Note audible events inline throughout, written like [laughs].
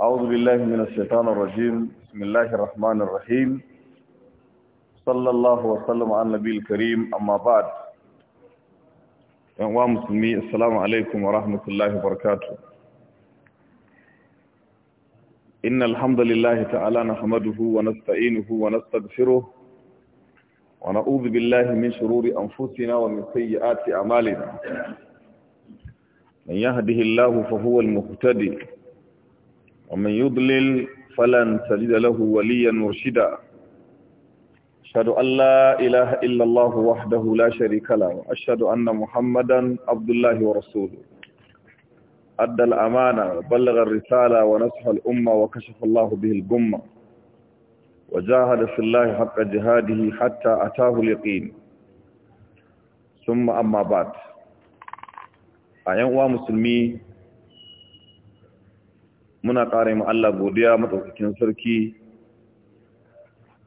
أعوذ بالله من الشيطان الرجيم بسم الله الرحمن الرحيم صلى الله وسلم على النبي الكريم أما بعد أنواع مسلمي السلام عليكم ورحمة الله وبركاته إن الحمد لله تعالى نحمده ونستعينه ونستغفره ونعوذ بالله من شرور أنفسنا ومن سيئات أعمالنا من يهده الله فهو المهتدي ومن يضلل فلن تجد له وليا مرشدا أشهد أن لا إله إلا الله وحده لا شريك له وأشهد أن محمدا عبد الله ورسوله أدى الأمانة وبلغ الرسالة ونصح الأمة وكشف الله به الجمة وجاهد في الله حق جهاده حتى أتاه اليقين ثم أما بعد أيها المسلمين muna ƙara mu Allah godiya matsaukakin sarki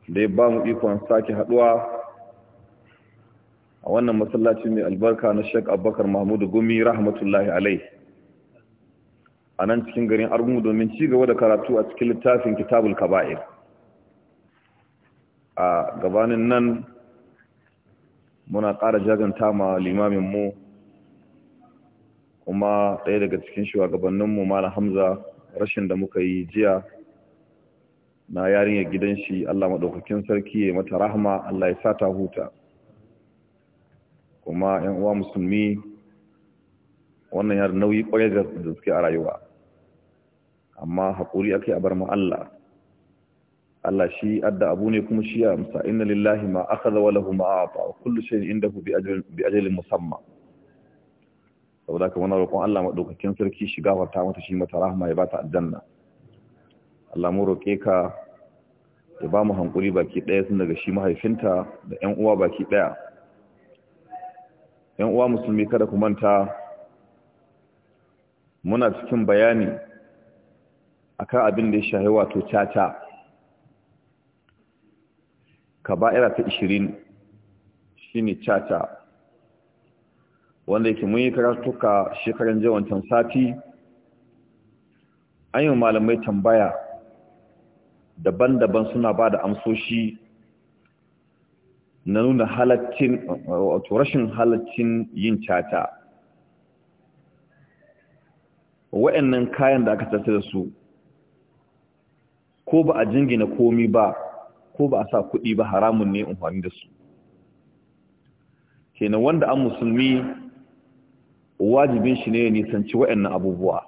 da ya ba mu ikon sake haɗuwa a wannan masallaci mai albarka na Sheikh Abubakar Mahmudu Gumi rahmatullahi alai a nan cikin garin Argungu domin ci gaba da karatu a cikin littafin Kitabul Kaba'ir a gabanin nan muna ƙara jaganta ma limamin mu kuma ɗaya daga cikin shugabanninmu Malam Hamza rashin da muka yi jiya na yarinyar gidan shi Allah maɗaukakin sarki ya mata rahama Allah ya sata huta kuma ‘yan uwa musulmi wannan yar nauyi ƙwarai da suke a rayuwa amma haƙuri ake a bar Allah Allah shi adda abu ne kuma shi ya musa inna lillahi ma aka wa lahu ma ata kullu inda ku bi ajalin musamman saboda ka muna roƙon Allah maɗaukakin sarki shi gafarta mata shi mata rahama ya bata aljanna Allah mu roƙe ka ya ba mu hankuri baki ɗaya sun daga shi mahaifinta da yan uwa baki ɗaya yan uwa musulmi kada ku manta muna cikin bayani akan abin da ya shahi wato caca ka kaba'ira ta 20 shine caca wanda yake mun yi karatuka shekaran jawancan sati an yi malamai tambaya daban-daban suna ba da amsoshi na nuna halattin wato rashin halattin yin cata wa'annan kayan da aka tattara su ko ba a jingina komi ba ko ba a sa kuɗi ba haramun ne amfani da su kenan wanda an musulmi wajibin shi ne ya nisanci wa'annan abubuwa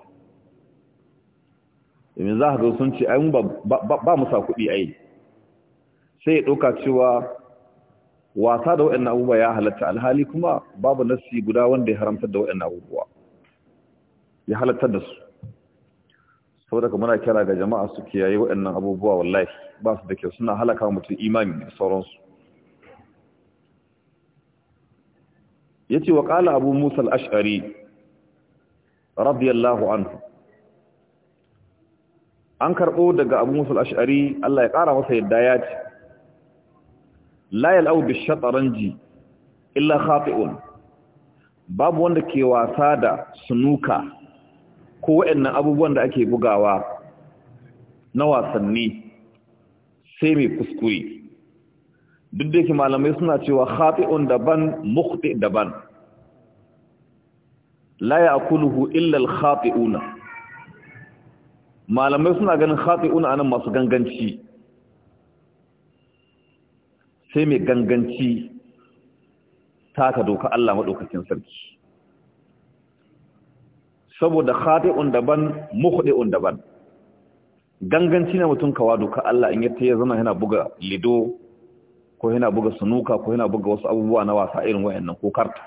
domin za a ga sun ce ai ba mu sa kuɗi a yi sai ya ɗauka cewa wasa da wa'annan abubuwa ya halatta alhali kuma babu nassi guda wanda ya haramtar da wa'annan abubuwa ya halatta da su sau daga muna kira ga jama'a su kiyaye wa'annan abubuwa wallahi ba su da kyau suna halaka mutum imani da sauransu yace wa qala abu musa al-ash'ari radiyallahu anhu an karɓo daga abu musa al-ash'ari Allah ya ƙara masa yadda ya ce la yal'u bi-shatranji illa khati'un babu wanda ke wasa da sunuka ko waɗannan abubuwan da ake bugawa na wasanni sai mai kuskure duk da yake malamai suna cewa khati'un daban mukhti daban la ya'kuluhu illa al khatiun malamai suna ganin khati'un anan masu ganganci sai mai ganganci taka doka Allah madaukakin sarki saboda khati'un daban mukhti'un daban ganganci ne mutum kawa doka Allah in yatta ya zama yana buga lido ko yana buga sunuka ko yana buga wasu abubuwa na wasa irin wayannan ko karta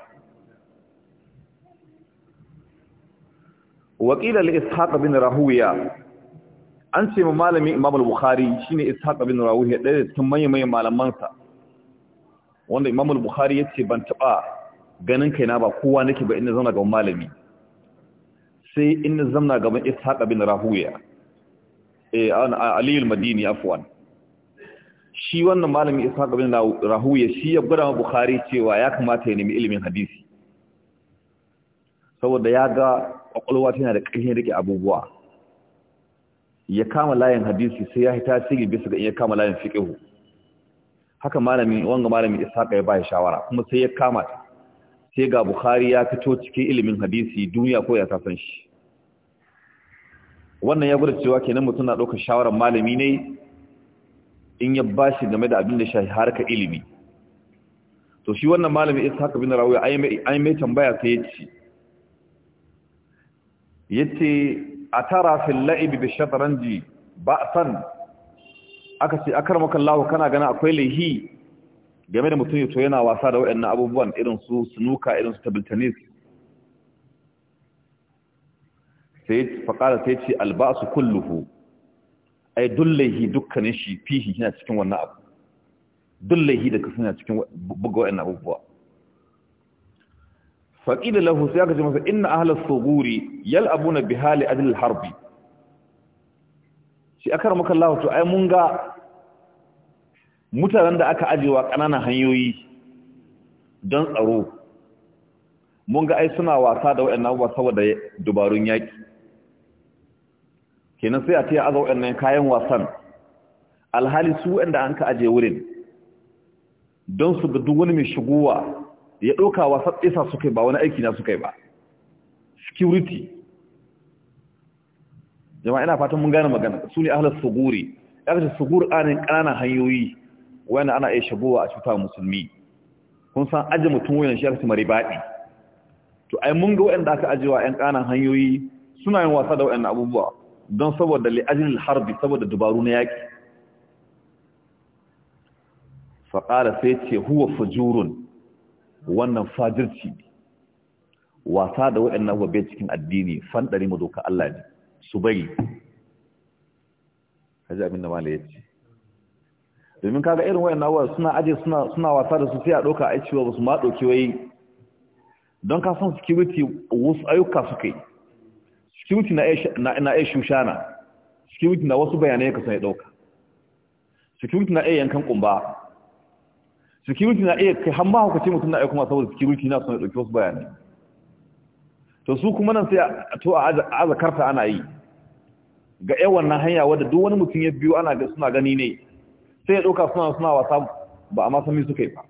waqila li ishaq bin rahuya an ce ma malami imam al-bukhari shine ishaq bin rahuya tun mai mai malaman sa wanda imam al-bukhari yace ban taba ganin kaina ba kowa nake ba inda zauna gaban malami sai inda zauna gaban ishaq bin rahuya eh ana ali al-madini afwan shi wannan malamin ishaq bin ya shi ya gwada bukhari cewa ya kamata ya nemi ilimin hadisi saboda ya ga kwakwalwa tana da ƙarfin rike abubuwa ya kama layin hadisi sai ya hita sigi bisa ga iya kama layin fiqhu haka malami wanga malami ishaq ya shawara kuma sai ya kama sai ga bukhari ya fito cikin ilimin hadisi duniya ko ya san shi wannan ya gwada cewa kenan mutum na ɗaukar shawarar malami ne in ya ba shi game da abin da har ka ilimi to shi wannan malamin isa haka bin rawaya ai mai tambaya sai yace yace atara fil la'ib bi shatranji ba'san aka ce akramaka kana gana akwai laihi game da mutum yato yana wasa da waɗannan abubuwan irin su snooker irin su table tennis sai faqala sai ce al ba'su kulluhu ai dullahi dukkanin shi fihi yana cikin wannan abu dullahi da kasu yana cikin buga wa'in abubuwa faƙila lahu sai aka ce masa ina ahalar soguri na bi hali adil harbi shi aka ramaka Allah to ai mun ga mutanen da aka ajewa ƙananan hanyoyi don tsaro mun ga ai suna wasa da waɗannan abubuwa saboda dubarun yaƙi kenan sai a ce aza waɗannan kayan wasan alhali su wanda an ka aje wurin don su ga duk wani mai shigowa ya ɗauka wasan isa kai ba wani aiki na kai ba security jama'a ina fatan mun gane magana su ne ahalar suguri ya kashe sugur anin ƙananan hanyoyi wanda ana iya shigowa a cuta musulmi kun san aje mutum wuyan shi aka mari baɗi to ai mun ga waɗanda aka ajewa 'yan ƙananan hanyoyi suna yin wasa da waɗannan abubuwa don saboda li'ajin harbi saboda dubaru na yaƙi faƙara sai ce huwa fujurun wannan fajirci wasa da waɗannan wabe cikin addini fanɗari madoka Allah ne su bari haji abin da mala ya ce domin kaga irin waɗannan wa suna aje suna wasa da su sai a ɗauka aicewa ba su ma ɗauki wai don ka san security wasu ayyuka suka yi security na iya shushana security na wasu bayanai ka sai dauka security na iya yankan ƙumba security na iya kai haka ce mutum na iya kuma saboda security na sun ɗauki wasu bayanai to su kuma nan sai a to a azakarta ana yi ga yawan wannan hanya wadda duk wani mutum ya biyo ana suna gani ne sai ya dauka suna suna wasa ba a ma su me suka yi ba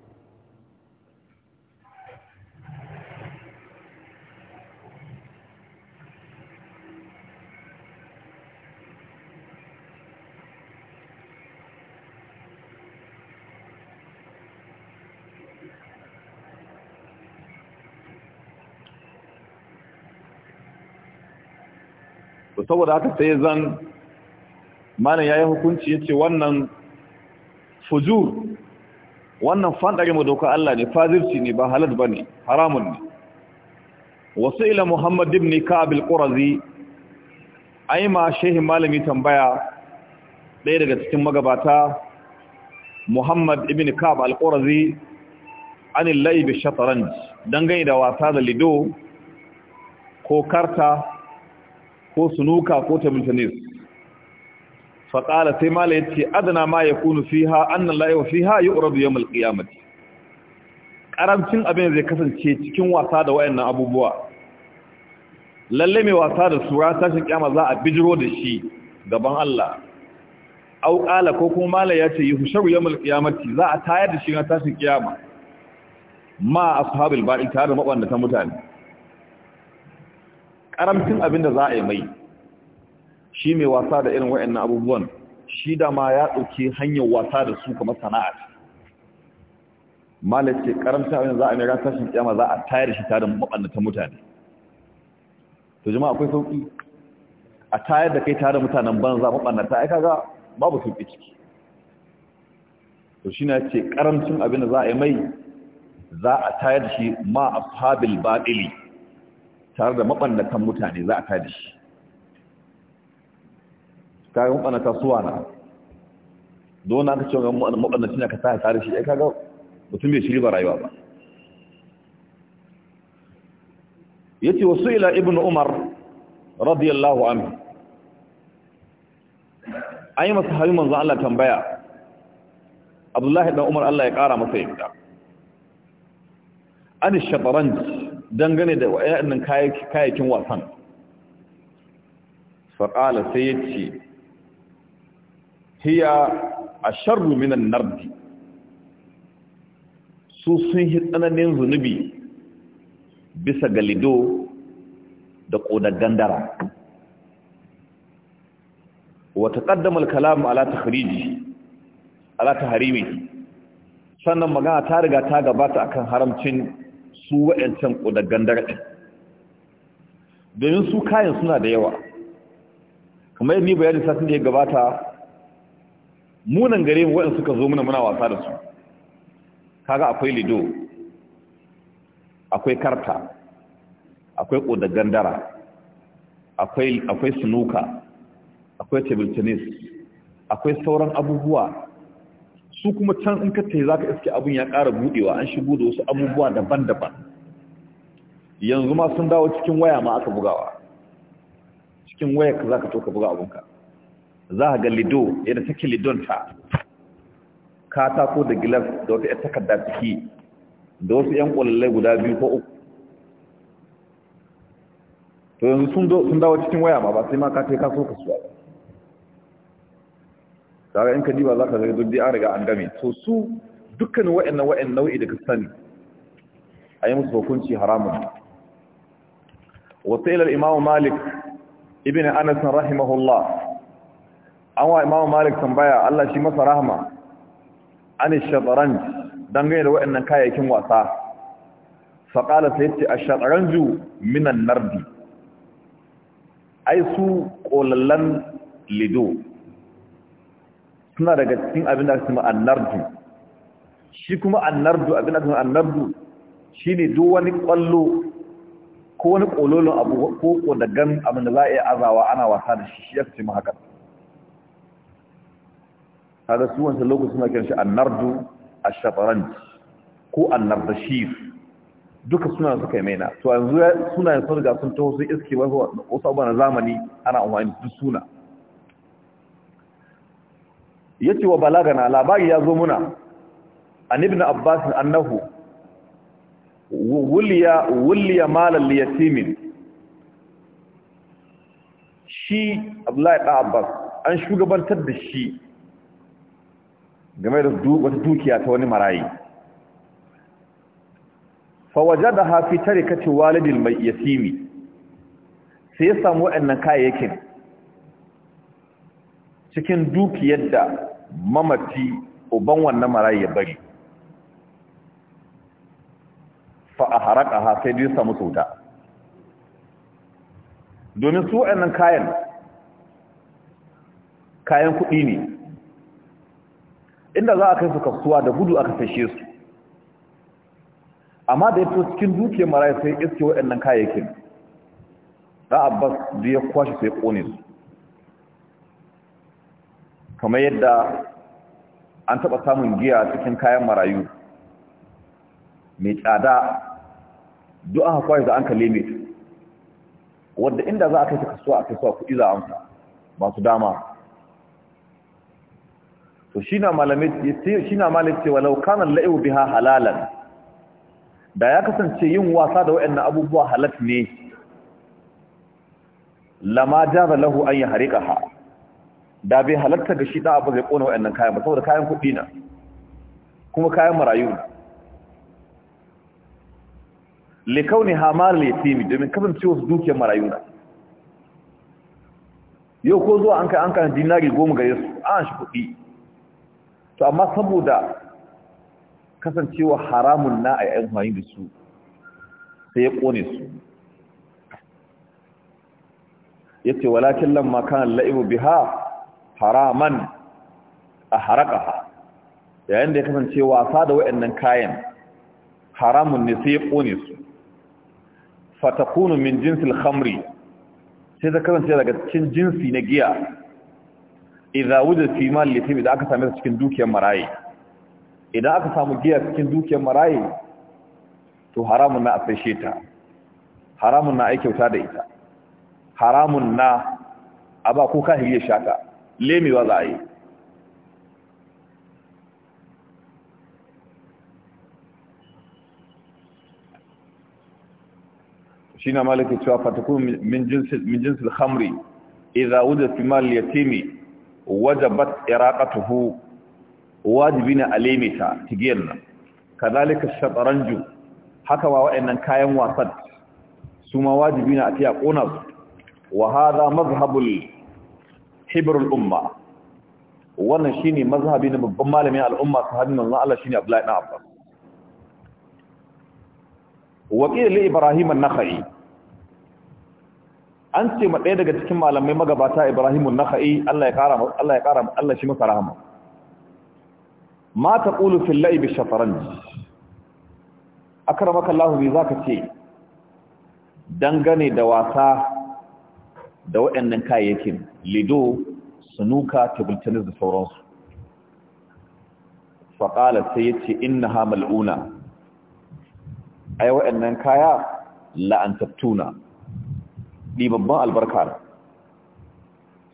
to saboda haka sai zan malam yayi hukunci yace wannan fujur wannan fandare mu doka Allah ne fazirci ne ba halal bane haramun ne wasaila Muhammad ibn Ka'ab al-Qurazi ai ma shehin malami tambaya ɗaya daga cikin magabata Muhammad ibn Ka'ab al-Qurazi anil layb ash-shatranj gani da wasa da lido ko karta ko sunuka ko table fa faƙala sai mala yace ce adana ma ya kunu fiha la yu fiha yi yawm alqiyamah qiyamati abin zai kasance cikin wasa da wayannan abubuwa lalle mai wasa da sura tashin kiyama za a bijiro da shi gaban Allah aw qala ko kuma mala ya ce yi husharu yamul za a tayar da shi na tashin kiyama ma ashabul ba'i tare da mabanda ta mutane karamcin abin da za a yi mai shi mai wasa da irin na abubuwan shi da ma ya ɗauki hanyar wasa da su kuma sana'a ce karamcin abin da za a mai ran tashin kyama za a tayar shi tare maɓannata mutane to jima akwai sauƙi a tayar da kai tare mutanen za maɓannata aika ga babu sauƙi ciki to shi na ce karamcin abin da za a yi mai za a tayar shi ma a fabil baɗili tare da mabannatan mutane za a tada shi kayan mabannata suwa na don aka ce ga mabannatan da ka sa tare shi ya kaga mutum bai shiri ba rayuwa ba Ya ce wasu ila Ibn umar radiyallahu An yi masa hayu manzan Allah tambaya Abdullahi dan Umar Allah ya ƙara masa yadda an shataranj dangane da wayannan kayakin wasan faƙala sai ya ce hiya a sharru minan nardi su sun yi tsananin zunubi bisa galido, da ƙodar gandara wata ƙaddamar kalamu ala ta ala ta harimi sannan magana ta riga ta gabata akan haramcin su wa'ancan ƙudaggan darɗin domin su kayan suna da yawa kamar yi ni bayanin satin da ya gabata munan gare mu waɗanda suka zo muna muna wasa da su kaga akwai lido akwai karta akwai ƙudaggan dara akwai sunuka akwai table tennis akwai sauran abubuwa su kuma can in ka ce za ka iske abin ya ƙara buɗewa an shigo da wasu abubuwa daban-daban yanzu ma sun dawo cikin waya ma aka bugawa cikin waya ka za ka to ka buga abinka za ka ga lido yadda take ta. katako da gilas da wata ‘yar takarda ciki da wasu ‘yan ƙwallai guda biyu ko uku to yanzu sun dawo cikin waya ma ba sai ma ka kai ka so ka suwa ba kaga in ka diba za ka zai duk an riga an game to su dukkan wa'annan wa'annan nau'i da ka sani a musu hukunci haramun wasu ilar imamu malik ibn anas rahimahullah an wa imamu malik tambaya allah shi masa rahama an dan dangane da wa'annan kayayyakin wasa faƙala sai ce a ju minan nardi ai su ƙolallen lido suna daga cikin abin da kuma annardu shi kuma annardu abin da kuma annardu ne duk wani kwallo ko wani kololon abu ko ko da gan abin da za a yi azawa ana wasa da shi shi ya ce mu haka kaga su wancan lokacin suna kiran shi annardu ash-shatranj ko annardashir duka suna suka yi maina to yanzu suna sun riga sun taho sun iske wasu na zamani ana umarni duk suna yace wa balagana labari ya zo muna an ibn abbas annahu wuliya wuliya malal yatimin shi abdullahi da abbas an shugabantar da shi game da wata dukiya ta wani marayi fawajadaha fi tarikati walidil mai yatimi sai ya samu wa'annan kayayyakin cikin dukiyar da mamaci uban wannan marayi ya bari fa a haraka ha sai ya samu sauta domin su waɗannan kayan kayan kuɗi ne inda za a kai su kasuwa da gudu aka fashe su amma da ya fi cikin dukiyar marayi sai iske waɗannan kayayyakin za a bas da ya kwashe sai ƙone su kamar yadda an taɓa samun giya cikin kayan marayu mai tsada duk aka kwaya da an ka limit wadda inda za a kai suka kasuwa a kasuwa kuɗi za a amsa, masu dama to shi na malamai cewa laukanan la'iwu biha halalan da ya kasance yin wasa da waɗannan abubuwa halat ne lama jaza lahu an yi harika ha da bai halatta da shi za'a ba zai wa'yan nan kayan ba saboda kayan kuɗi na kuma kayan marayu ne da hamar laifimi domin ciwo su dukiyar marayu na yau ko zuwa an kai an kan dinari goma gare su an shi kuɗi to amma saboda kasancewa haramun na a yayin hanyi da su sai ya ƙone su ya ce walakin lamma kan la'ibu biha haraman a harakaha yayin da ya kasance wasa da wa’yannan kayan haramun ne sai ya ƙone su fatakunu min jinsil khamri sai ta kasance daga cikin jinsi na giya idza wujida fi mal yatim idan aka same ta cikin dukiyar maraye idan aka samu giya cikin dukiyar maraye to haramun na a ta haramun na ai kyauta da ita haramun na a ba ko kahiri ya shaka lemi za a yi shi na malaka cewa fatakun min jinsil hamri iza wuda fi yatimi wajabat iraqatuhu wajibina alemita tigiyar nan kazalika shataranju haka wa wa'annan kayan wasan su ma wajibi wajibina a tiya kona wa hadha mazhabul hibrul umma wannan ne mazhabi na babban malamin al'umma su sahabin manzon Allah shine Abdullahi ibn Abbas waqil li Ibrahim an-Nakhai an ce ma ɗaya daga cikin malamai magabata Ibrahim an-Nakhai Allah ya kara Allah ya shi masa rahama ma taqulu fil la'ib ash-shatranj akramaka Allah bi zaka ce dangane da wasa da waɗannan kayayyakin lido sunuka table da sauransu faƙalar sai ya ce inna ha mal'una ai waɗannan kaya la'antattuna ɗibabban albarka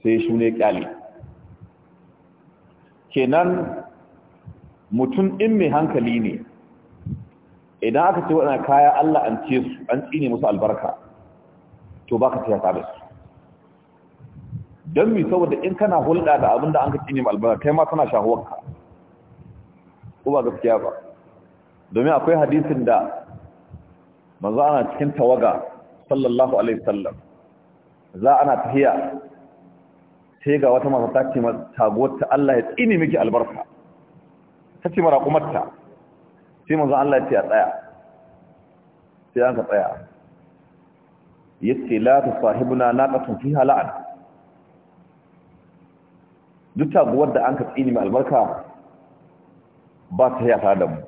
sai shi ne ƙyale kenan mutum in mai hankali ne idan aka ce waɗannan kaya Allah an ce su an tsine musu albarka to baka tiyata da su don mi saboda in kana hulɗa da abin da an ka cinye albarka kai ma kana shahuwarka ko ba gaskiya ba domin akwai hadisin da manzo ana cikin tawaga sallallahu alaihi wasallam za ana tahiya sai ga wata mata ta ce taguwarta Allah ya tsini miki albarka ta ce mara kumarta sai manzo Allah ya ce a tsaya sai an ka tsaya yace la tusahibuna naqatun fiha la'an duk taguwar da an ka tsini mai albarka ba ta yata da mu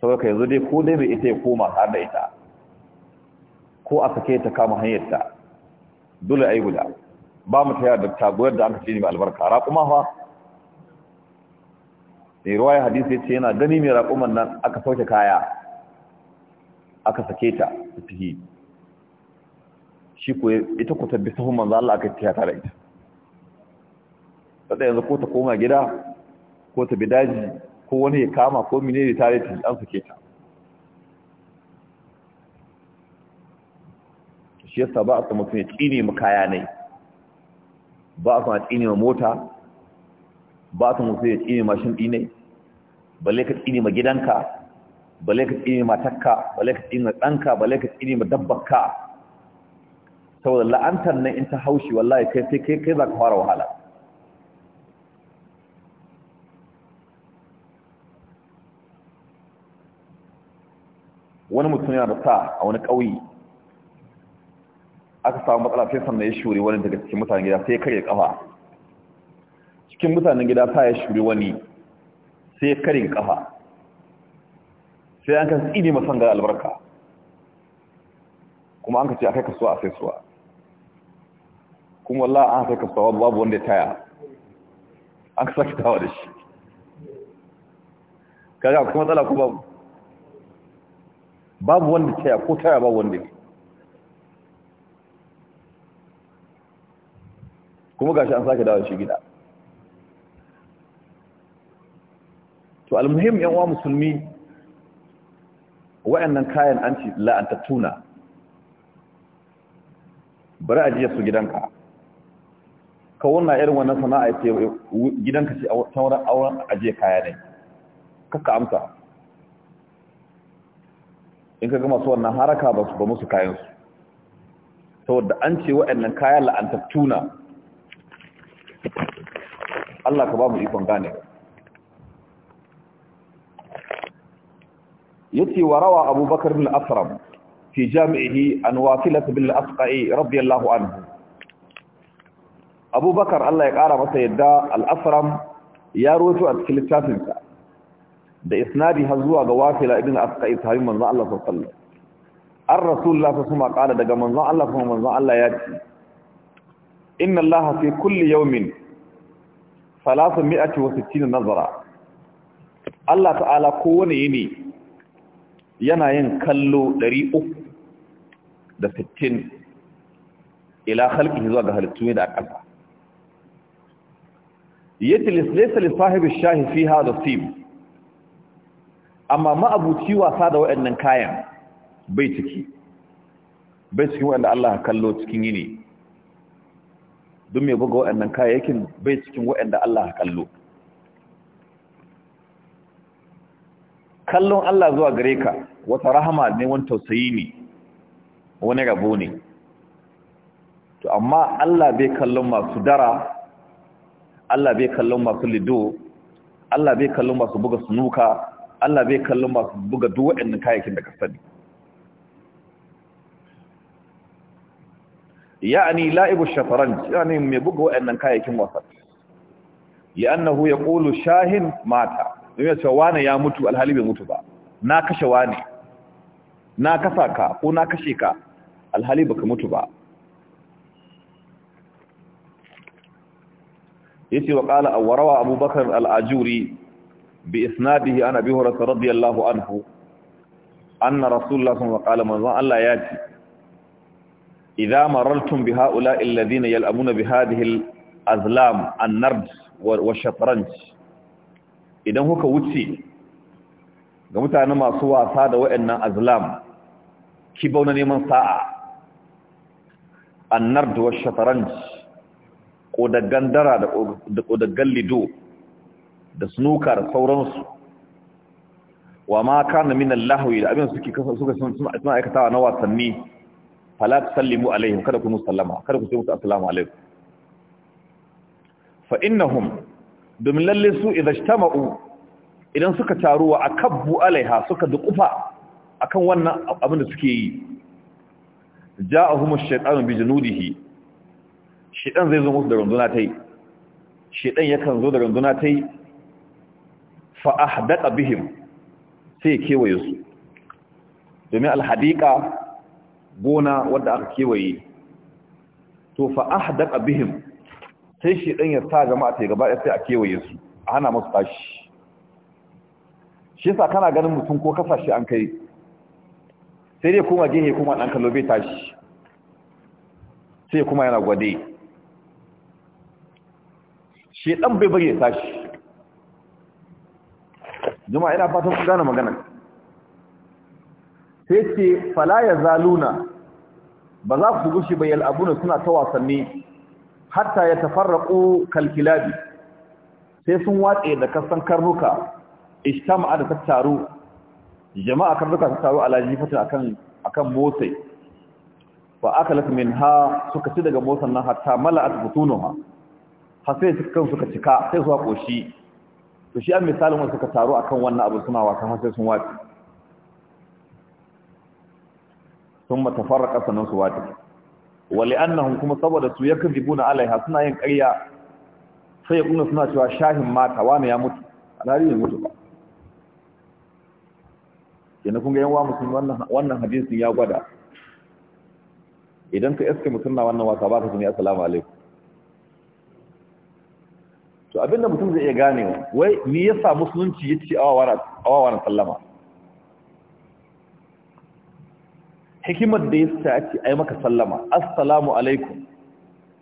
sau ka yanzu dai ko dai mai ita ya koma har da ita ko a sake ta kama hanyarta dole a yi guda ba mu ta da taguwar da an ka tsini mai albarka raƙuma fa ne ruwa ya hadisi ya ce yana gani mai raƙuman nan aka sauke kaya aka sake ta ta fihi shi ko ita ku tabbi sahun manzala Allah aka tiyata da ita tsada yanzu ko ta koma gida ko ta bi daji ko wani ya kama ko mine da tare ta an suke ta shi yasa ba a sa mutum ya tsine mu kaya ne ba a sa tsine mu mota ba a sa mutum ya tsine mashin ɗine balle ka tsine ma gidanka balle ka tsine ma takka balle ka tsine ma ɗanka balle ka tsine ma dabbarka saboda la'antar nan in ta haushi wallahi kai sai kai za ka fara wahala wani mutum yana da sa a wani ƙauye aka samu matsala sai sannan ya shuri wani daga cikin mutanen gida sai ya karye kafa cikin mutanen gida sa ya shuri wani sai ya karye kafa sai an kasu tsini masan ga albarka kuma an ka ce a kai kasuwa a sai suwa kuma walla an kai kasuwa babu wanda ya taya an ka sake tawa da shi kaga akwai matsala kuma babu wanda taya ko taya babu wanda ne kuma gashi an sake dawo shi gida to almuhim yan uwa musulmi wayannan kayan an ci tuna, bari a jiya su gidanka ka wanna irin wannan sana'a ce gidanka ce a wurin a ajiye kaya ne kaka amsa in ka gama su wannan haraka ba su ba musu kayansu saboda an ce waɗannan kayan na. Allah ka ba mu ikon gane yace wa rawa abubakar bin asram fi jami'ihi an wafilat bil asqa'i radiyallahu anhu abubakar Allah ya kara masa yadda al-asram ya rawaito a cikin littafinsa da isnadi har zuwa ga wafila ibn asqai sahabi manzon Allah sallallahu alaihi wasallam ar rasulullah sallallahu alaihi wasallam daga manzon Allah kuma manzon Allah ya ce inna allaha fi kulli yawmin 360 nazara Allah ta'ala kowane yini yana yin kallo 360 ila khalqihi zuwa ga halittu da akalla yati lislaysa li sahibi shahi fiha da sib amma ma'abuci wasa da waɗannan kayan bai ciki bai cikin waɗanda Allah kallo cikin yini don mai buga waɗannan kayayyakin bai cikin waɗanda Allah kallo kallon Allah zuwa gare ka wata rahama ne wani tausayi ne wani rabo ne to amma Allah bai kallon masu dara Allah bai kallon masu lido Allah bai kallon masu buga sunuka Allah bai kallon masu buga duk waɗannan kayayyakin da ka sani ya'ani la'ibu shafaran yani mai buga waɗannan kayayyakin wasa ya annahu ya qulu shahin mata don ya ce wani ya mutu alhali bai mutu ba na kashe wani na kasa ka ko na kashe ka alhali ba ka mutu ba ce wa a warawa abubakar al’ajuri بإسناده عن أبي هريرة رضي الله عنه أن رسول الله صلى الله عليه وسلم قال الله ياتي إذا مررتم بهؤلاء الذين يلأمون بهذه الأزلام النرد والشطرنج إذا هو كوتي ga mutane masu wasa da waɗannan azlam kibau na neman sa'a annar da wasu shataranci ko da gandara da ƙodaggan lido da snooker da sauransu wa ma kana min al-lahwi da abin suke suka suna aikatawa na wasanni fala tusallimu alaihim kada ku musallama kada ku ce musu assalamu alaikum fa innahum domin lalle su ijtama'u idan suka taru wa akabbu alaiha suka dukufa akan wannan abin da suke yi ja'ahum ash-shaytanu bi junudihi shaytan zai zo musu da runduna tai shaytan yakan zo da runduna tai fa'ahdaqa bihim sai kewaye su domin alhadiƙa gona wadda aka kewaye to fa'ahdaqa bihim sai shi ɗan ya sa jama'a ta yi gaba sai a kewaye su a hana musu tashi shi sa kana ganin mutum ko shi an kai sai dai kuma gini kuma ɗan kalobe bai tashi sai kuma yana gwade shi ɗan bai bari ya tashi jama'a ina fatan kun gane magana sai ce fala ya zaluna. ba za su gushi ba yal'abuna suna ta wasanni hatta ya tafarraqu kalkilabi sai sun watse da kasan karnuka ishtama'a da tattaru jama'a karnuka tattaru ala jifatin akan akan motsai fa akalat minha suka ci daga motsan nan hatta mala'at butunuha har sai suka suka cika sai suwa koshi to shi an misalin wanda suka taru akan wannan abu suna wasan har sai sun wace sun matafarraka sannan su wace wali annahun kuma saboda su yakan dibuna alaiha suna yin ƙarya sai ya kuna suna cewa shahin mata wani ya mutu alhari ya mutu ba yana kunga yawon yan musulmi wannan hadisin ya gwada idan ka iska mutum na wannan wasa ba ka tuni assalamu alaikum to abinda mutum zai iya gane wai me yasa musulunci yace wara sallama hikimar da yasa yace ai maka sallama assalamu alaikum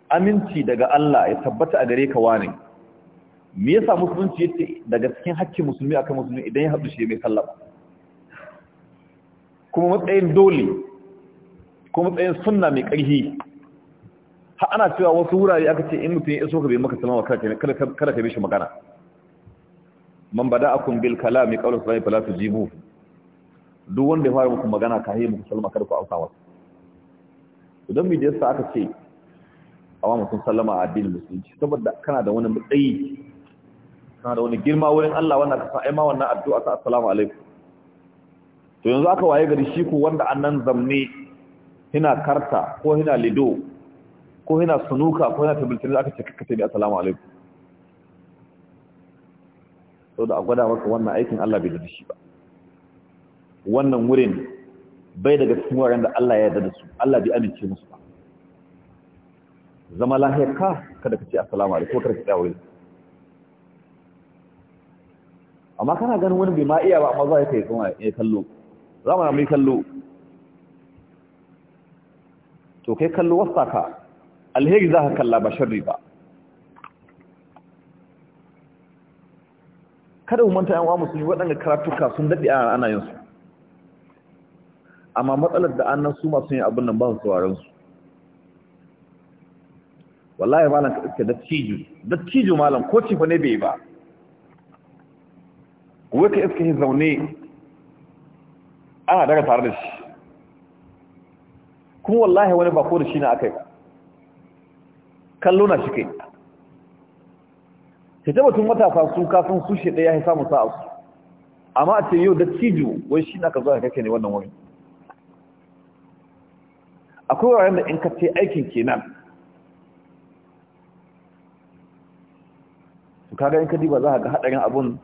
aminci daga Allah ya tabbata a gare ka wane me yasa musulunci yace daga cikin haƙƙin musulmi akan musulmi idan ya hadu shi mai sallama kuma matsayin dole kuma matsayin sunna mai ƙarfi Ha ana cewa wasu wurare aka ce in mutum ya iso ka bai maka sallama kada ka shi magana man bada akun bil kalami qawlan sallai fala tujibu duk wanda ya fara muku magana ka yi muku sallama kada ku auka wa idan mi da yasa aka ce awa mutum sallama a addinin musulunci saboda kana da wani mutsayi kana da wani girma wurin Allah wannan ka san ai ma wannan addu'a ta assalamu alaikum to yanzu aka waye gari shi ku wanda annan zamne hina karta ko hina lido ko yana sunuka ko yana tabbatar aka ce kakkace da assalamu alaikum so da a gwada maka wannan aikin Allah bai da shi ba wannan wurin bai daga cikin wuraren da Allah ya yarda da su Allah bai amince musu ba zama lahiyar ka kada ka ce assalamu alaikum kada ka dawo amma kana ganin wani bai ma iya ba amma za kai yi kuma ya kallo za mu mai kallo to kai kallo wasa ka alheri za ka kalla ba sharri ba kada umanta yan sun yi waɗanda karatuka sun daɗe a ana yin su amma matsalar da annan su masu yin abin nan ba su tsawarin su wallahi malam ka iske dattijo dattijo malam ko cifa ne bai ba wai ka iske zaune ana daga tare da shi kuma wallahi wani bako da shi na aka yi ba kallo na shi kai ta tabbatun matasa su kafin su shi ɗaya ya samu sa'a su amma a ce yau da cijo wai shi na ka zuwa kake ne wannan wani akwai wuraren da in ka ce aikin kenan su kaga in ka diba za a ga haɗarin abun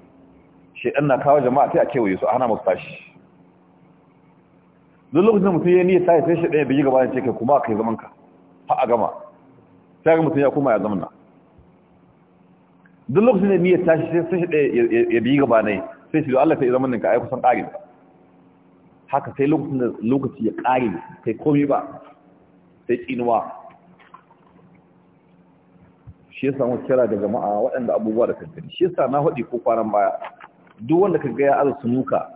shaidan na kawo jama'a sai a kewaye su a hana masu tashi duk lokacin mutum ya niyya sai sai shaidan ya bigi gaba da ce kai kuma kai zaman ka fa a gama sai ga mutum ya koma ya zamana duk lokacin da ya tashi sai shi ɗaya ya biyi gaba ne sai shi Allah sai zamanin ka ai kusan ƙarin haka sai lokacin da lokaci ya ƙari kai komi ba sai tsinuwa shi yasa mu kira da jama'a waɗanda abubuwa da kankani shi yasa na haɗi ko kwanan baya duk wanda ka gaya ya arzu nuka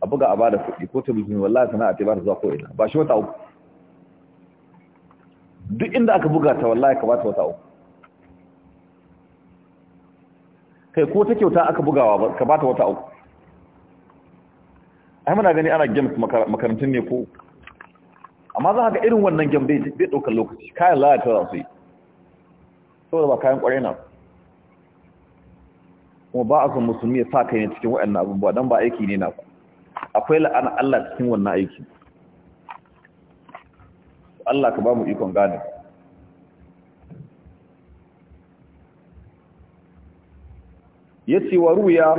a buga a bada kuɗi ko ta bizin wallahi sana'a ta ba ta zuwa ko ina ba shi wata uku duk inda aka buga ta wallahi ka bata wata uku kai ko ta kyauta aka bugawa ba ka bata wata uku ai muna gani ana games makarantun ne ko amma za ka ga irin wannan game bai ɗaukar lokaci kayan lalata za su yi saboda ba kayan kware na kuma ba a son musulmi ya sa kai ne cikin waɗannan abubuwa don ba aiki ne na ku akwai la'ana Allah cikin wannan aiki Allah ka ba mu ikon gane yace wa ruya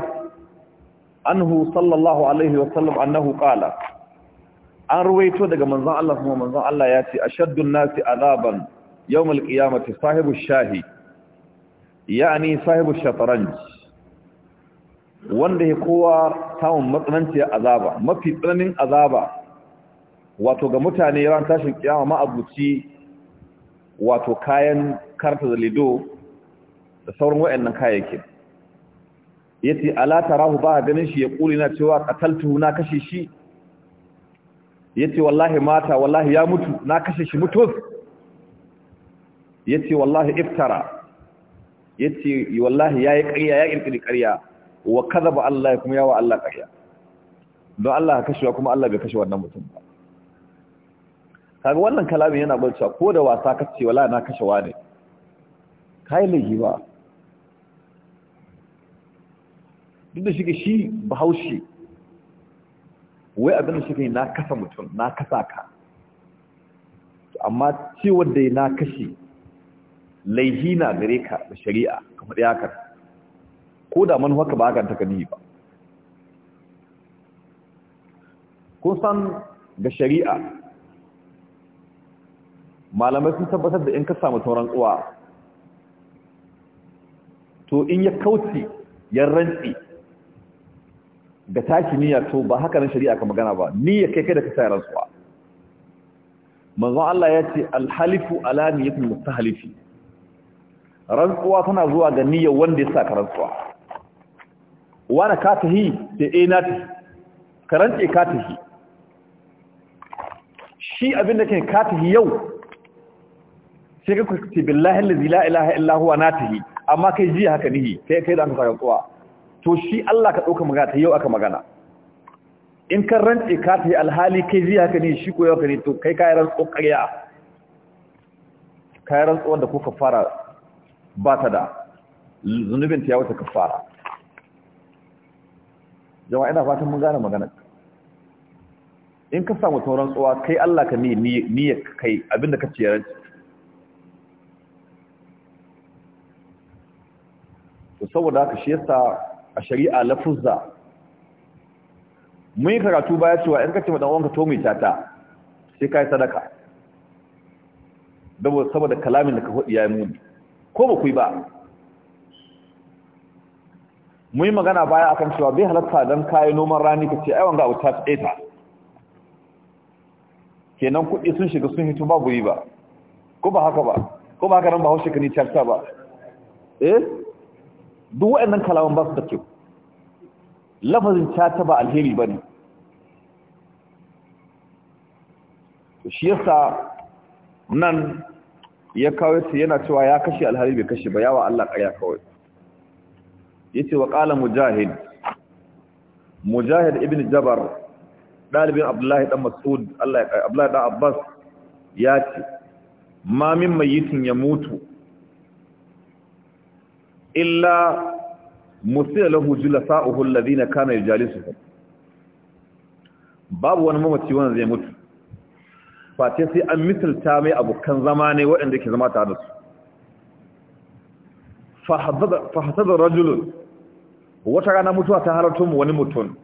anhu sallallahu alaihi wa sallam annahu qala an ruwaito daga manzon Allah kuma manzon Allah ya ce ashaddun nasi azaban yau qiyamati sahibu shahi yani sahibu shataranj wanda ya kowa samun matsananciyar azaba mafi tsananin azaba wato ga mutane ran tashin kiyama ma'abuci wato kayan karta da lido da sauran wayannan kayayyakin yace ala tarahu ba ganin shi ya kuli na cewa qataltu na kashe shi yace wallahi mata wallahi ya mutu na kashe shi mutus yace wallahi iftara yace wallahi yayi ƙarya ya kirkiri ƙarya wa kadhaba Allah kuma yawa Allah ƙarya don Allah kashewa kuma Allah bai kashe wannan mutum ba kaga wannan kalamin yana barcewa ko da wasa ce wala na kashe wani kai laifi ba duk da shi bahaushe wai abin da na kasa mutum na kasa ka amma wadda da na kashe laifi na gare ka da shari'a kamar yakar ko da manuwa ka ba ka taka ba kun san ga shari'a malamai sun tabbatar da in ka samu tauran tsuwa to in ya kauce ya rantsi ga tashi niyya to ba haka nan shari'a ka magana ba niyya kai kai da ka sa rantsuwa manzon Allah ya ce alhalifu ala niyyatin mustahlifi rantsuwa tana zuwa ga niyya wanda ya sa ka rantsuwa wani ka tahi da eh na tahi ka ta ka tahi shi abin da ke ka tahi yau sai ka kuce billahi allazi la ilaha illa huwa natahi amma kai ji haka nihi sai kai da aka rantsuwa to shi Allah ka dauka magana ta yau aka magana in kan rantse ka ta yi alhali kai ji haka ne shi ko yau ka ne to kai kayan rantsuwa ƙarya kayan rantsuwa da ko kafara ba ta da zunubin ta ya wata kafara jama'a ina fatan mun gane magana in ka samu tauran tsuwa kai Allah ka niyyar kai abinda ka ce rantsi to saboda haka shi yasa a shari'a lafuzza mun yi karatu baya cewa in ce madan uwanka to mai tata sai kai sadaka dabo saboda kalamin da ka faɗi yayi muni ko ba ku yi ba mun yi magana baya akan cewa bai halatta dan kai noman rani ce ai wanga wuta tsaye ta kenan kuɗi sun shiga sun hito babu ba, ko ba haka ba ko ba haka nan ba haushe ka ni charta ba eh duk waɗannan kalaman ba su da kyau lafazin cata ba alheri ba ne shi yasa nan ya kawo su yana cewa ya kashe alhari bai kashe ba yawa Allah ƙarya kawai ya ce wa ƙala mujahid mujahid ibn jabar ɗalibin abdullahi ɗan masud abdullahi ɗan abbas ya ce ma min mayitin ya mutu illa musila lahu julasa'uhu alladhina kana yujalisuhum babu wani mamaci wanda zai mutu face sai an misalta mai abokan zama ne waɗanda ke zama tare da su fahazadar rajulun wata rana mutuwa ta halartun wani mutum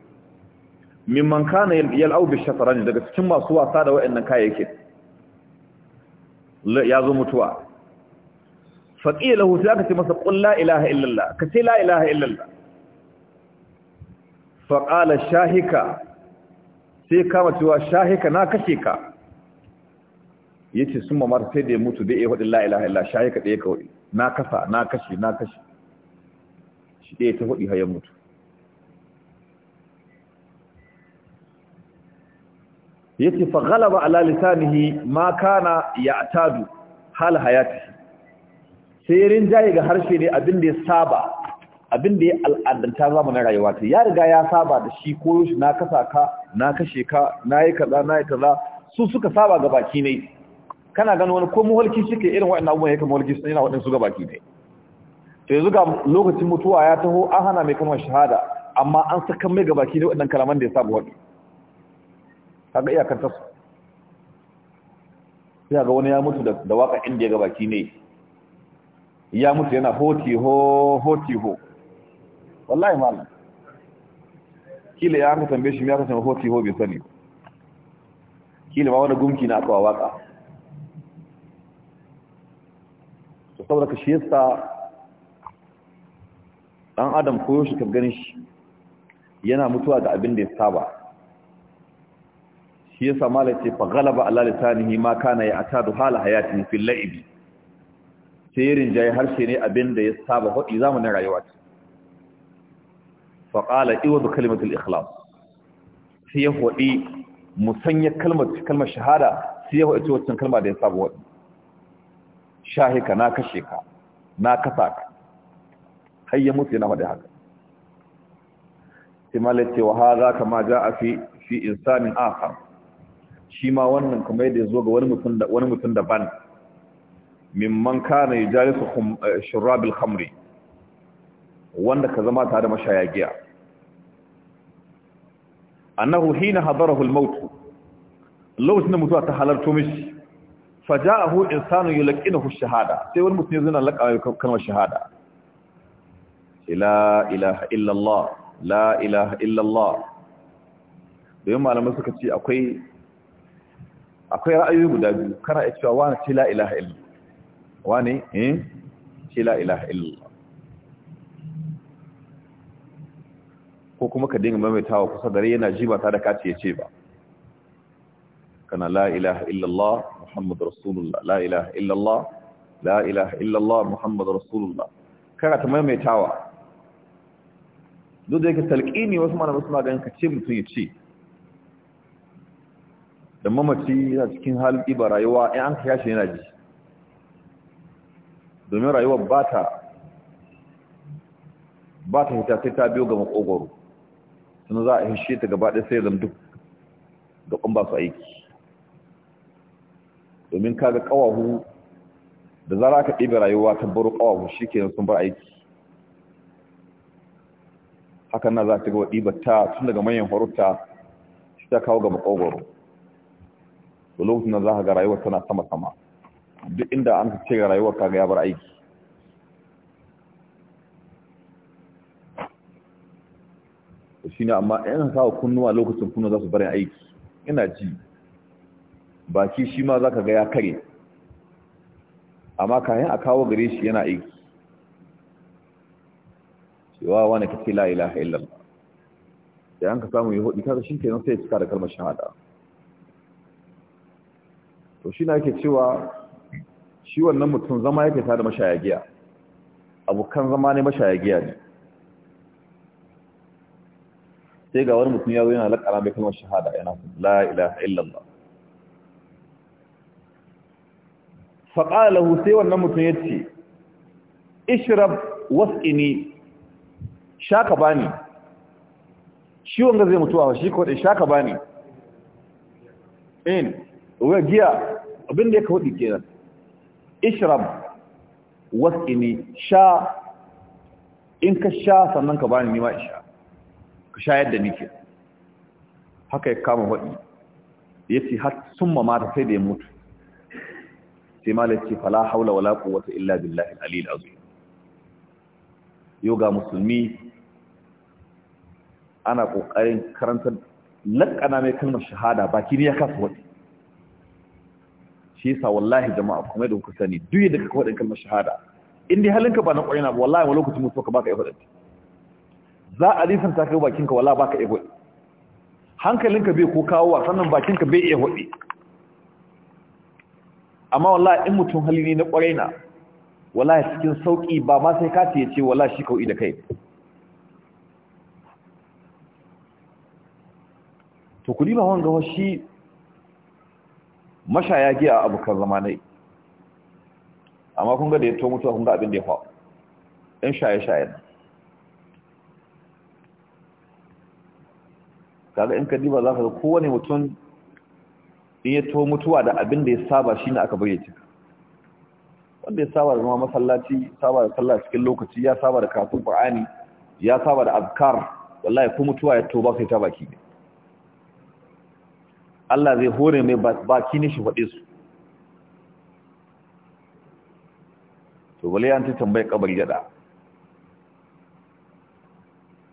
mimman kana yal'au shafarani daga cikin masu wasa da waɗannan kayayyakin ya zo mutuwa faƙi lahu sai aka ce masa ƙun la ilaha illallah ka ce la ilaha illallah faƙala shahika sai kama cewa shahika na kashe ka ya ce sun mamar sai da ya mutu da ya faɗi la ilaha illallah shahika ɗaya kawai na kasa na kashe na kashe shi ɗaya ta faɗi hayan mutu ya ce faƙala ba ala lisanihi ma kana ya atadu hal hayatihi sai rinjaye ga harshe ne abin da ya saba abin da ya al'adanta zamanin rayuwa ta ya riga ya saba da shi ko shi na kasa ka na kashe ka na yi kaza na yi kaza su suka saba ga baki ne kana gano wani ko mulki shi ke irin waɗannan abubuwan ya kama mulki sun yana waɗansu ga baki ne to yanzu ga lokacin mutuwa ya taho an hana mai kama shahada amma an saka mai ga baki ne waɗannan kalaman da ya saba wani kaga iyakar tasu sai ga wani ya mutu da waƙa inda ya ga baki ne ya mutu yana hoti ho hoti ho wallahi malam kila ya aka tambaye shi ya aka hoti ho bi sani kila ma wani gumki na aka waka to saboda shi yasa dan adam ko shi ka gani shi yana mutuwa da abin da ya saba shi yasa malaka ce fa galaba ala lisanihi ma kana ya atadu hala hayatin fil la'ibi sai rinjaye harshe ne abin da ya saba faɗi zamanin rayuwa ce faƙala iwa da kalimatul ikhlas sai ya faɗi musanya kalmar shahada sai ya faɗi wacin kalmar da ya saba faɗi shahika na kashe ka na kasa ka har ya mutu yana faɗi haka sai malai cewa ha za ka ma ja a fi fi insanin akhar shi ma wannan kuma yadda ya zo ga wani mutum da ban. mimman kana yajalisu eh, shurabil khamri wanda ka zama tare da mashayagiya annahu hina hadarahu al-maut lokacin da mutuwa ta halarto mishi faja'ahu insanu yulqinahu shahada sai wani mutum ya zina laƙa kalmar shahada la ilaha illa Allah la ilaha illa Allah domin malamai suka ce akwai akwai ra'ayoyi guda biyu kana cewa wani ce la ilaha illa Wani eh? in ce la ilaha illallah ko kuma ka dinga maimaitawa kusa dare yana ji ba ta da kace ce ba kana la ilaha illallah muhammadur rasulullah la ilaha illallah la ilaha illallah muhammadur rasulullah kana ta maimaitawa duk da yake talqini wasu malamai suna ganin ka ce mutum ya ce da mamaci a cikin halin ibara rayuwa in an ka yashi yana ji domin rayuwar ba ta ba ta hita sai ta biyo ga makogoro suna za a hishe ta gaba ɗaya sai zan duk da ƙun ba su aiki domin kaga ƙawahu da zara ka ɗibe rayuwa ta baro ƙawahu shi ke sun bar aiki hakan na za ta ga ɗibar ta tun daga manyan horuta shi ta kawo ga makogoro da lokacin na za ka ga rayuwar tana sama-sama duk inda an ce ga rayuwar kaga ya bar aiki shi ne amma yan sawa kunnuwa lokacin kunnuwa za su barin aiki ina ji baki shi ma za ka ga ya kare amma kayan a kawo gare shi yana aiki cewa wani ka ce la'ila illallah da an ka samu yi hudu kaga shi ke nan sai ya cika da kalmar shahada to shi na yake cewa shi wannan mutum zama yake tare da mashaya giya abokan zama ne mashaya giya ne sai ga wani mutum ya zo yana laƙara mai kalmar shahada yana la ilaha illallah faƙala lahu sai wannan mutum ya ce ishrab was'ini shaka bani shi wanga zai mutuwa shi kawai shaka bani in ruwa giya abinda ya kawai kenan ishrab wasqini sha in ka sha sannan ka bani nima isha ka sha yadda nake haka ya kama wadi yace har ma mata sai da ya mutu sai malaki fala haula wala quwwata illa billahi al-ali al-azim yoga musulmi ana ƙoƙarin karanta lakana mai kalmar shahada baki ne ya kasa wadi shi yasa wallahi jama'a kuma da kuka sani duk yadda kaka faɗin kalmar shahada in dai halinka ba na ƙwarai na wallahi wani lokacin mutuwa ka baka iya za a lisan ta kai bakinka wallahi baka iya hankalinka bai ko kawowa sannan bakinka bai iya faɗi amma wallahi in mutum hali ne na ƙwarai na wallahi cikin sauƙi ba ma sai ka ce wallahi shi kawai da kai to kuli ba wanga shi mashaya a abokan zama zamanai amma kun ga da ya to mutuwa kun ga abin da ya faru in shaye-shaye na kaga in ka diba za ka ga kowane mutum in ya to mutuwa da abin da ya saba shi ne aka bayyace wanda ya saba da zama masallaci saba da sallah cikin lokaci ya saba da kafin qur'ani ya saba da azkar wallahi ko mutuwa ya to ba sai ta baki ne Allah zai hore mai baki ne shi faɗe su to wale an ta tambaye kabar yada,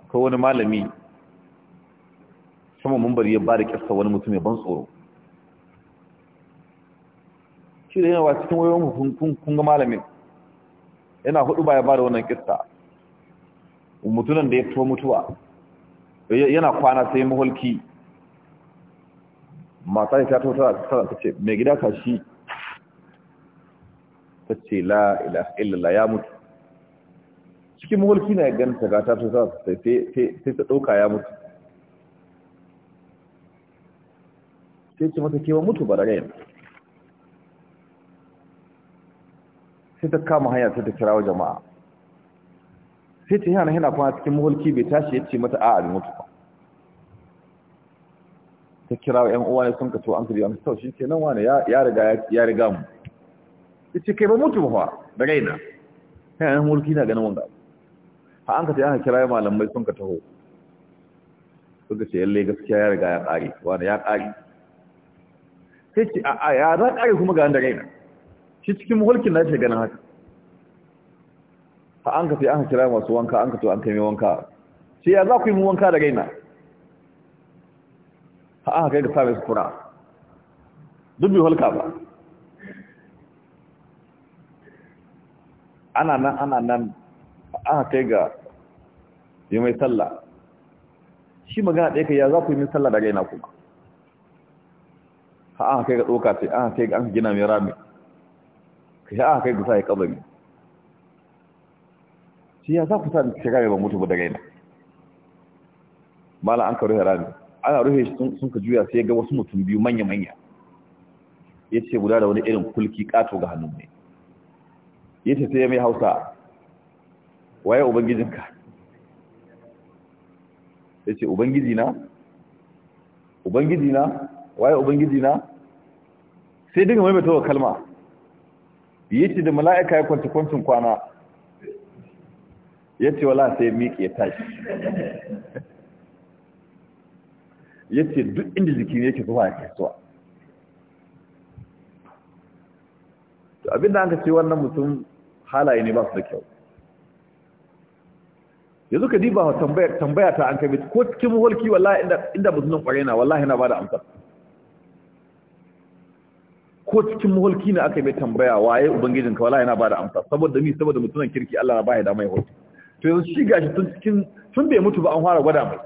ko wani malami sama Mambari ya bada ƙasa wani mutum ya ban tsoro shi da yawa cikin wayoyin kun malamin yana hudu ba ya bada wannan ƙasa, mutunan da ya fito mutuwa yana kwana sai mahulki mata ta to ta tsara ta ce mai gida ka shi ta ce la illallah ya mutu cikin mulki na ganta ga ta to ta sai ta ɗauka ya mutu sai ce mata kewa mutu ba da yanzu sai ta kama hanya sai ta kirawo jama'a sai ta yana yana kwana cikin mulki bai tashi ya ce mata a'arin mutu ba ta kira yan uwa ne sun ka to an kudi an sau shi ke nan wani ya riga ya riga mu ta ce kai ba mutu ba da gaina ta yan mulki na ganin wanda ha an ka ta yana kira malamai sun ka taho sun ka ce yalle gaskiya ya riga ya ƙari wani ya ƙari sai ce a ya za ƙari kuma ga da gaina shi cikin mulkin na ce ganin haka ha an ka ta yana kira masu wanka an ka to an kai mai wanka ce ya za ku yi mu wanka da gaina ha aka kai ga service kura duk bi halka ba ana nan ana nan aka kai ga yi mai sallah shi magana ɗaya kai ya za ku yi mai sallah da gaina kuma aka kai ga ɗoka ce aka kai ga an gina mai rami ka sha aka kai ga sa ya kabari shi ya za ku sa shekara ban mutu ba da gaina mala an karu rami ana rufe shi sun ka juya sai ga wasu mutum biyu manya-manya ya ce guda da wani irin kulki kato ga hannun ne ya ce sai ya mai hausa waye ubangijinka ya ce ubangijina ubangijina waye ubangijina sai dinga mai metowa kalma ya ce da mala'ika ya kwanta kwancin kwana ya ce wala sai miƙe ya tashi ce duk inda jiki ne yake zuwa yake zuwa to abinda an ka ce wannan mutum halaye ne ba su da kyau ya zuka diba tambaya tambaya ta an kai ko cikin mulki wallahi inda mutum mutumin kwarai na wallahi na bada amsa ko cikin mulki ne aka mai tambaya waye ubangijinka wallahi na bada amsa saboda mi saboda mutumin kirki Allah na ba ya da mai hoto to yanzu shi gashi tun cikin tun bai mutu ba an fara gwada mai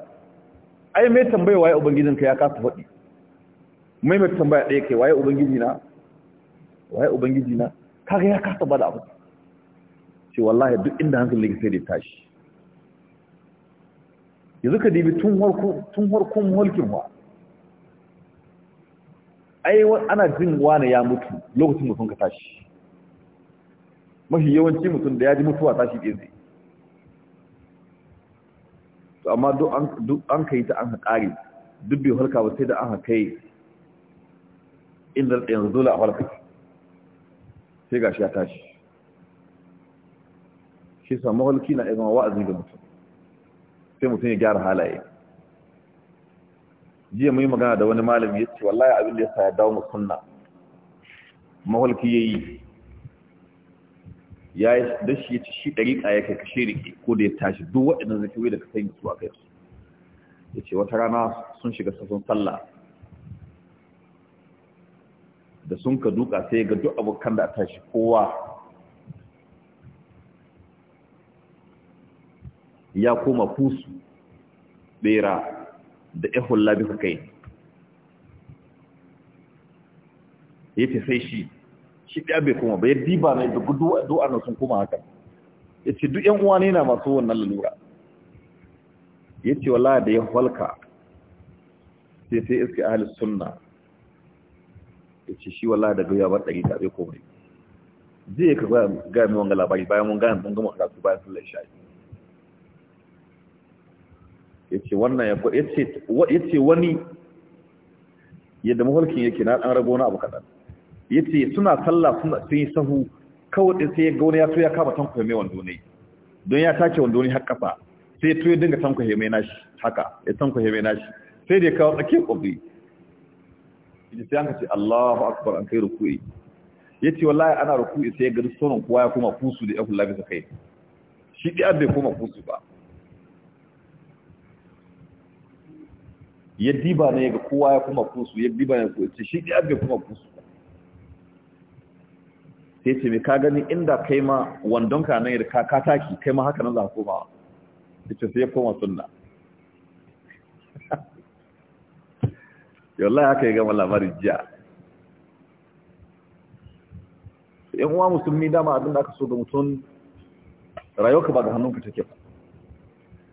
ai mai tambaya waye ubangijinka ya kasa faɗi mai mai tambaya ɗaya kai waye ubangijina waye ubangijina kaga ya kasa bada abu ce wallahi duk inda hankali ka sai da tashi yanzu ka dibi tun harkun tun harkun mulkin wa ai ana jin wani ya mutu lokacin mutum ka tashi mafi yawanci mutum da ya ji mutuwa tashi ɗaya zai to amma duk an ka yi ta an ka ƙari duk bai halka ba sai da an ka kai inda yanzu dole a halka sai gashi ya tashi shi sa mahalki na irin wa'azi da mutum sai mutum ya gyara halaye jiya mun yi magana da wani malami ya ce wallahi abin da ya sa ya dawo mu sunna mahalki ya yi ya yi don shi ya ci shi ɗariƙa ya kai kashe riƙe ko da ya tashi duk waɗanda zai da ka sani su a kai su ya ce wata rana sun shiga sassan sallah da sun ka duka sai ga duk abokan da a tashi kowa ya koma fusu ɓera da ehun labi kai ya ce sai shi shi ɗaya bai kuma bai diba na da gudu addu'a na sun kuma haka ya ce duk yan'uwa ne na masu wannan lalura ya ce wala da ya walka sai sai iske ahalis suna ya ce shi wala da gaya bar ɗari taɓe komai zai ka gaya mai wanga labari bayan mun gane mun gama karatu bayan sun laishari ya ce wannan ya ce wani yadda mafarkin yake na ɗan rago na abu kaɗan ya ce suna sallah suna sun yi sahu kawai sai ya gauna ya so ya kama tanko mai wando ne don ya take wando ne har kafa sai to ya dinga tanko mai nashi haka ya tanko mai nashi sai dai ya kawo tsakiyar kobi yace sai an ce Allahu akbar an kai ruku'i yace wallahi ana ruku'i sai ya ga sauran kowa ya koma kusu da ya kula bisa kai shi dai bai koma kusu ba ya diba ne ga kowa ya koma kusu ya diba ne ko ce shi dai bai kuma kusu sai ce mai ka gani inda kai ma wandon ka nan ka kataki kai ma haka nan za ka koma ita sai ya koma yau [laughs] yalla aka yi gama labarin jiya yan uwa musulmi dama abin da aka so da mutum rayuwarka ba ga hannunka take ba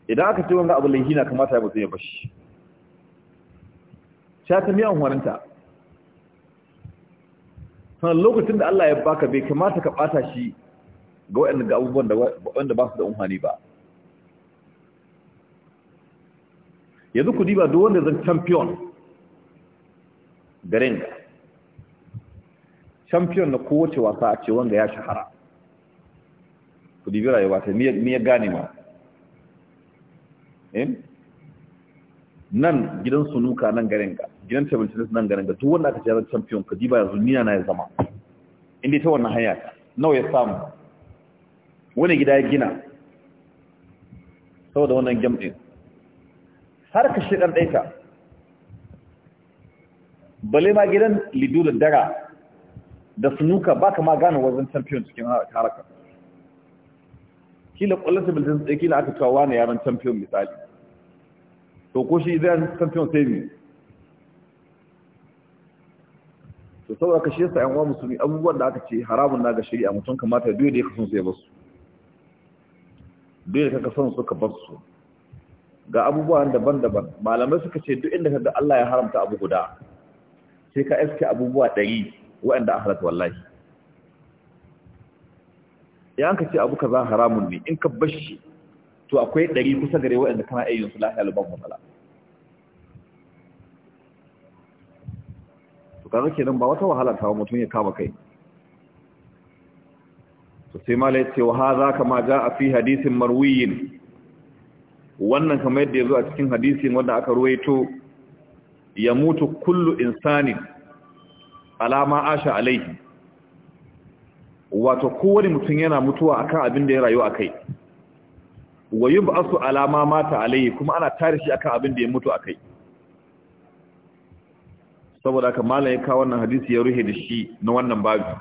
idan aka ce wanda abu laihi na kamata ya mutum ya bashi sha ta miyan huwarinta sannan lokacin da Allah ya baka bai kamata ka ɓata shi ga waɗanda ga abubuwan da ba su da umhani ba yanzu ku diba duk wanda zan champion da renga champion na kowace wasa a ce wanda ya shahara ku dibi rayuwa ta ni ya gane ma eh? nan gidan sunuka nan garenga gidan table tennis nan ganin ga duk wanda aka ce champion ka diba yanzu nina na ya zama inda ta wannan hanya nawa ya samu wani gida ya gina saboda wannan game har ka shi ɗanɗaita daita bale ma gidan lidu da dara da sunuka ba ka ma gane wajen champion cikin haraka kila kwallon table tennis ɗaya kila aka cewa wani yaran champion misali to ko shi idan champion sai ne to saboda ka shesa yan uwa musulmi abubuwan da aka ce haramun na ga shari'a mutum kamata duk da ya kasan sai basu duk da su ka basu ga abubuwan daban-daban malamai suka ce duk inda kaga Allah ya haramta abu guda sai ka iske abubuwa ɗari waɗanda a halatta wallahi ya an ka ce abu kaza haramun ne in ka bashi to akwai ɗari kusa gare waɗanda kana ayyun su lafiya lubar matsala ke nan ba wata wahala ta mutum ya kama kai to sai mala ce wa hadha kama a fi hadisin marwiyin wannan kamar yadda zo a cikin hadisin wanda aka ruwaito ya mutu kullu insani alama asha alaihi wato kowane mutum yana mutuwa akan abin da ya rayu akai wa asu alama mata alaihi kuma ana tarishi akan abin da ya mutu akai saboda haka malam ya kawo wannan hadisi ya ruhe da shi na wannan babu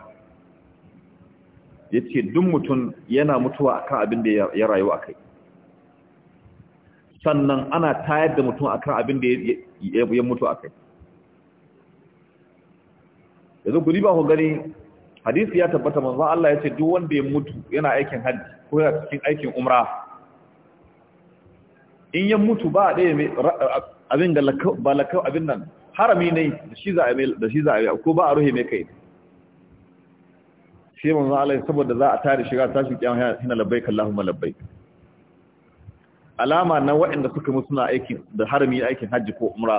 yace duk mutum yana mutuwa akan abin da ya rayu akai sannan ana tayar da mutum akan abin da ya mutu akai yanzu ku riba ku gani hadisi ya tabbata manzo Allah yace duk wanda ya mutu yana aikin haji ko yana cikin aikin umra in ya mutu ba da abin da ba lakau abin nan harami ne da shi za a da shi za a yi ko ba a ruhe mai kai sai manzo Allah saboda za a tare shiga tashi kiyama hina labbaik Allahumma labbaik alama na waɗanda suka mutu suna aiki da harami aikin hajji ko umra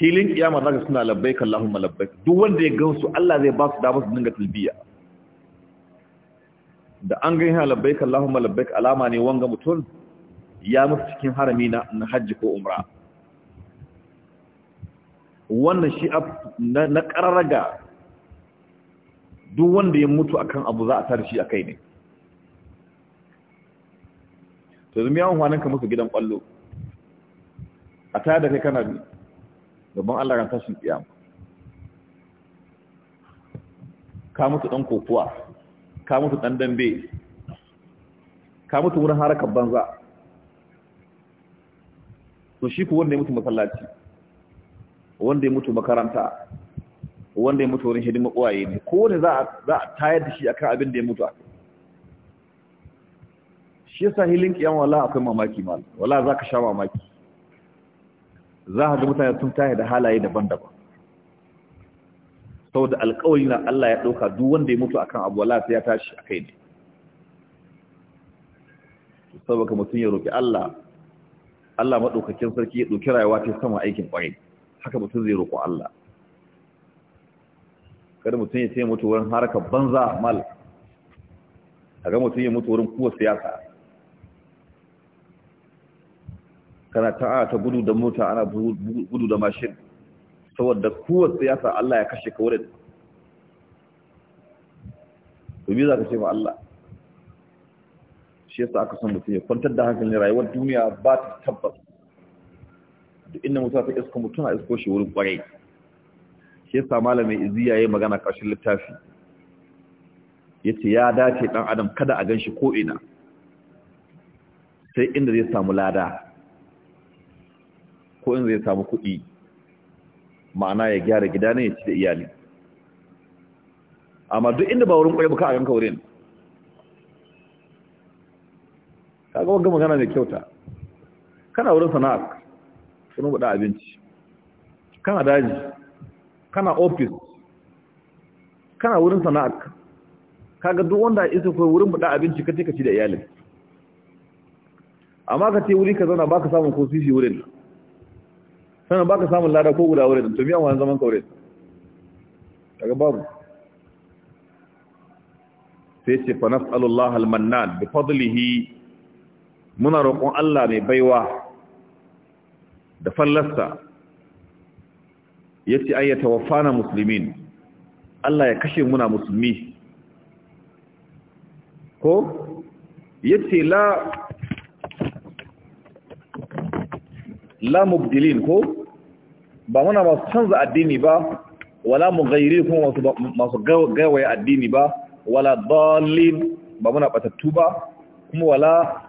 hilin kiyama ka suna labbaik Allahumma labbaik duk wanda ya gansu Allah zai ba su damar su dinga talbiya da an ga hina labbaik Allahumma labbaik alama ne wanga mutum ya mutu cikin harami na hajji ko umra wannan shi na ƙararraga duk wanda ya mutu akan abu za a tare shi a kai ne to zumi yawon hannun musu gidan ƙwallo a tare da kai kana bi gaban allah ran tashin tsiyama ka mutu ɗan kokowa, ka mutu ɗan dambe ka mutu wurin harakar banza to shi ku wanda ya mutu masallaci wanda ya mutu makaranta wanda ya mutu wurin hidima uwaye ne kowane za a tayar da shi akan abin da ya mutu a shi yasa hilin kiyan wala akwai mamaki ma. wala za ka sha mamaki za a ga mutane sun tayar da halaye daban-daban saboda alƙawari na Allah ya ɗauka duk wanda ya mutu akan abu wala sai ya tashi a kai ne saboda mutum ya roƙi Allah Allah maɗaukakin sarki ya ɗauki rayuwa ta sama aikin ƙwarai haka mutum zai roƙo Allah kada mutum ya ce mutu wurin harkar banza mal kaga mutum ya mutu wurin kuwa siyasa kana ta ta gudu da mota ana gudu da mashin saboda kuwa siyasa Allah ya kashe ka wurin domin za ka ce ma Allah shi yasa aka san mutum ya kwantar da hankalin rayuwar duniya ba ta tabbas duk inda musa ta iska mutum a isko shi wurin kwarai shi yasa malamin iziya yayin magana ƙarshen littafi yace ya dace dan adam kada a ganshi ko ina sai inda zai samu lada ko inda zai samu kuɗi ma'ana ya gyara gida ne ya ci da iyali amma duk inda ba wurin kwarai buka a ganka wurin kaga wanga magana mai kyauta kana wurin sana'a kuma kuɗa abinci kana daji kana ofis kana wurin sana'a kaga duk wanda isa ko wurin buɗa abinci kace kace da iyalin amma ka ce wuri ka zauna baka samun ko sisi wurin ba baka samun lada ko guda wurin to miyan wani zaman ka wurin, kaga babu sai ce fa nas'alullahal mannan bi fadlihi muna roƙon Allah mai baiwa da fallasta ya ce ayyata wafana musulmin Allah ya kashe muna musulmi ko ya ce la la mubdilin ko ba muna masu canza addini ba wala mu gairi kuma masu gawaye addini ba wala dalil ba muna batattu ba kuma wala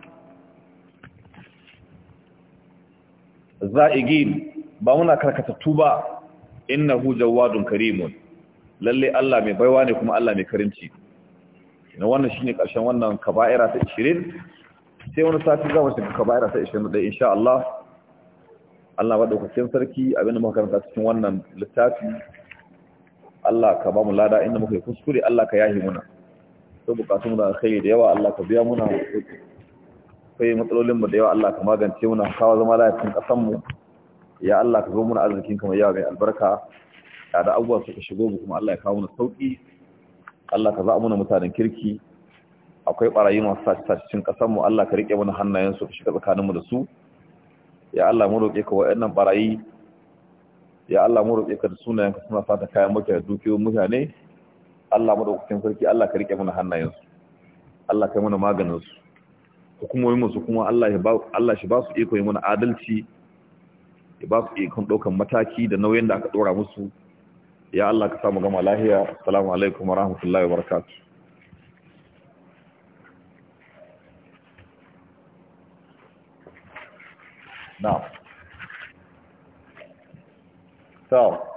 za'igin ba muna karkatattu ba innahu jawadun karimun lalle Allah mai baiwa ne kuma Allah mai karimci na wannan shine karshen wannan kaba'ira ta 20 sai wani sati za mu shiga kaba'ira ta 21 insha Allah Allah madaukakin sarki da muka karanta cikin wannan littafi Allah ka ba mu lada inda muka yi kuskure Allah ka yahi muna sai bukatun da khairi da yawa Allah ka biya muna akwai matsalolin mu da yawa Allah ka magance muna kawo zama lafiyar kasan mu ya Allah ka zo muna arzikin kamar yawa mai albarka ya da abubuwa suka shigo mu kuma Allah ya kawo muna sauki Allah ka za na mutanen kirki akwai barayi masu sace cikin kasan mu Allah ka rike mana hannayen su ka shiga tsakanin mu da su ya Allah mu roƙe ka waɗannan barayi ya Allah mu roƙe ka da sunayen ka suna fata kayan da dukiyoyin mutane Allah madaukakin sarki Allah ka rike mana hannayen su Allah kai mana maganin su hukumomin musu kuma Allah shi ba su iko yi mana adalci ya ba su ikon ɗaukan mataki da nauyin da aka ɗora musu ya Allah ka samu gama lahiya assalamu alaikum wa rahmatullahi wa barakatuh na'am so